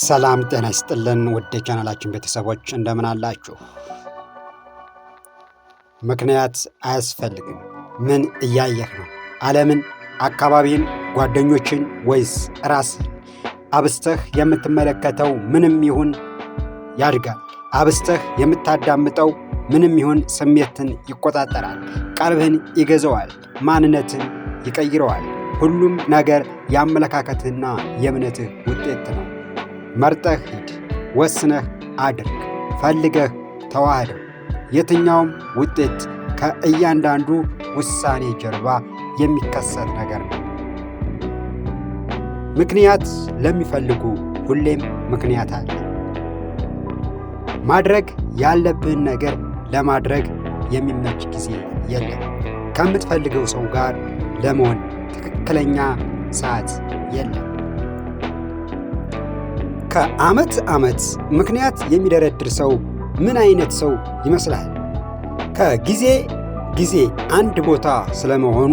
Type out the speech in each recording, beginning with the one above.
ሰላም ጤና ይስጥልን ውድ ቻናላችን ቤተሰቦች እንደምን አላችሁ? ምክንያት አያስፈልግም። ምን እያየህ ነው? ዓለምን፣ አካባቢን፣ ጓደኞችን ወይስ ራስን? አብስተህ የምትመለከተው ምንም ይሁን ያድጋል። አብስተህ የምታዳምጠው ምንም ይሁን ስሜትን ይቆጣጠራል፣ ቀልብህን ይገዘዋል ማንነትን ይቀይረዋል። ሁሉም ነገር የአመለካከትህና የእምነትህ ውጤት ነው። መርጠህ ሂድ፣ ወስነህ አድርግ፣ ፈልገህ ተዋህደው። የትኛውም ውጤት ከእያንዳንዱ ውሳኔ ጀርባ የሚከሰት ነገር ነው። ምክንያት ለሚፈልጉ ሁሌም ምክንያት አለ። ማድረግ ያለብህን ነገር ለማድረግ የሚመች ጊዜ የለም። ከምትፈልገው ሰው ጋር ለመሆን ትክክለኛ ሰዓት የለም። ከዓመት ዓመት ምክንያት የሚደረድር ሰው ምን አይነት ሰው ይመስላል? ከጊዜ ጊዜ አንድ ቦታ ስለመሆኑ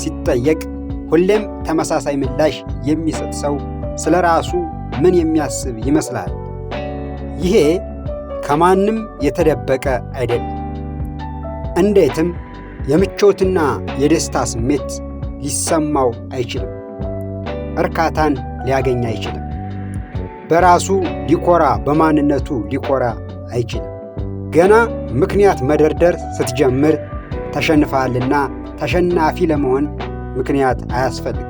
ሲጠየቅ ሁሌም ተመሳሳይ ምላሽ የሚሰጥ ሰው ስለ ራሱ ምን የሚያስብ ይመስላል? ይሄ ከማንም የተደበቀ አይደለም። እንዴትም የምቾትና የደስታ ስሜት ሊሰማው አይችልም። እርካታን ሊያገኝ አይችልም። በራሱ ሊኮራ በማንነቱ ሊኮራ አይችልም። ገና ምክንያት መደርደር ስትጀምር ተሸንፈሃልና ተሸናፊ ለመሆን ምክንያት አያስፈልግም።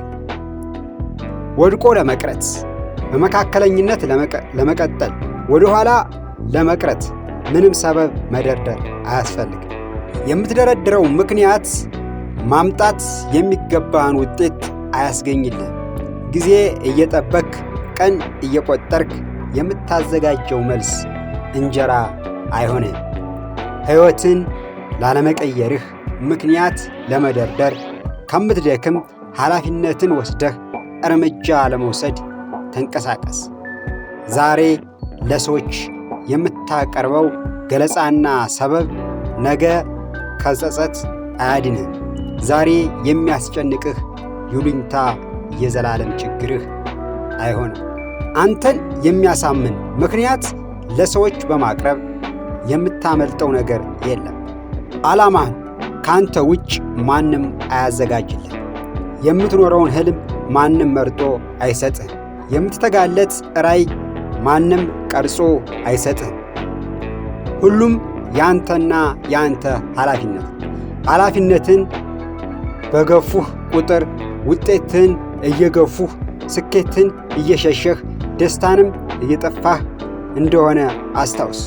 ወድቆ ለመቅረት፣ በመካከለኝነት ለመቀጠል፣ ወደኋላ ለመቅረት ምንም ሰበብ መደርደር አያስፈልግም። የምትደረድረው ምክንያት ማምጣት የሚገባህን ውጤት አያስገኝልህም። ጊዜ እየጠበክ ቀን እየቆጠርክ የምታዘጋጀው መልስ እንጀራ አይሆንም። ሕይወትን ላለመቀየርህ ምክንያት ለመደርደር ከምትደክም ኃላፊነትን ወስደህ እርምጃ ለመውሰድ ተንቀሳቀስ። ዛሬ ለሰዎች የምታቀርበው ገለጻና ሰበብ ነገ ከጸጸት አያድንም። ዛሬ የሚያስጨንቅህ ይሉኝታ የዘላለም ችግርህ አይሆንም። አንተን የሚያሳምን ምክንያት ለሰዎች በማቅረብ የምታመልጠው ነገር የለም። ዓላማህን ከአንተ ውጭ ማንም አያዘጋጅልህ። የምትኖረውን ህልም ማንም መርጦ አይሰጥህ። የምትተጋለት ራይ ማንም ቀርጾ አይሰጥህ። ሁሉም ያንተና ያንተ ኃላፊነት። ኃላፊነትን በገፉህ ቁጥር ውጤትን እየገፉህ ስኬትን እየሸሸህ ደስታንም እየጠፋህ እንደሆነ አስታውስ።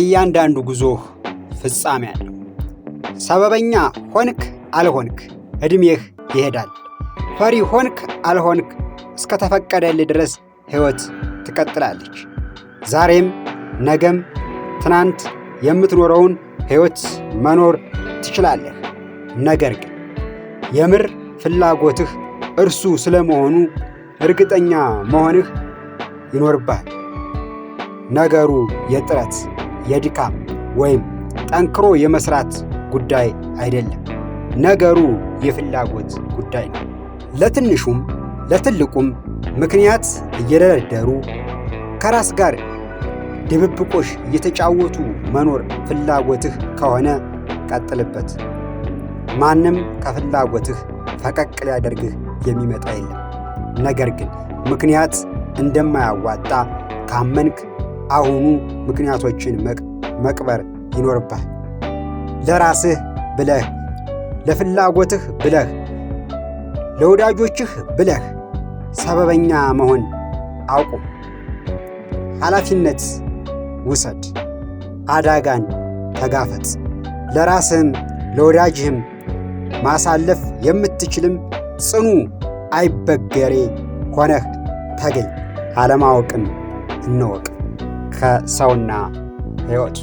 እያንዳንዱ ጉዞህ ፍጻሜ አለው። ሰበበኛ ሆንክ አልሆንክ ዕድሜህ ይሄዳል። ፈሪ ሆንክ አልሆንክ እስከተፈቀደልህ ድረስ ሕይወት ትቀጥላለች። ዛሬም፣ ነገም፣ ትናንት የምትኖረውን ሕይወት መኖር ትችላለህ። ነገር ግን የምር ፍላጎትህ እርሱ ስለመሆኑ እርግጠኛ መሆንህ ይኖርብሃል። ነገሩ የጥረት የድካም ወይም ጠንክሮ የመስራት ጉዳይ አይደለም። ነገሩ የፍላጎት ጉዳይ ነው። ለትንሹም ለትልቁም ምክንያት እየደረደሩ ከራስ ጋር ድብብቆሽ እየተጫወቱ መኖር ፍላጎትህ ከሆነ ቀጥልበት። ማንም ከፍላጎትህ ፈቀቅ ሊያደርግህ የሚመጣ የለም። ነገር ግን ምክንያት እንደማያዋጣ ካመንክ አሁኑ ምክንያቶችን መቅበር ይኖርብሃል። ለራስህ ብለህ፣ ለፍላጎትህ ብለህ፣ ለወዳጆችህ ብለህ ሰበበኛ መሆን አቁም። ኃላፊነት ውሰድ። አደጋን ተጋፈጥ። ለራስህም ለወዳጅህም ማሳለፍ የምትችልም ጽኑ አይበገሬ ሆነህ ተገኝ። አለማወቅን እንወቅ ከሰውና ሕይወት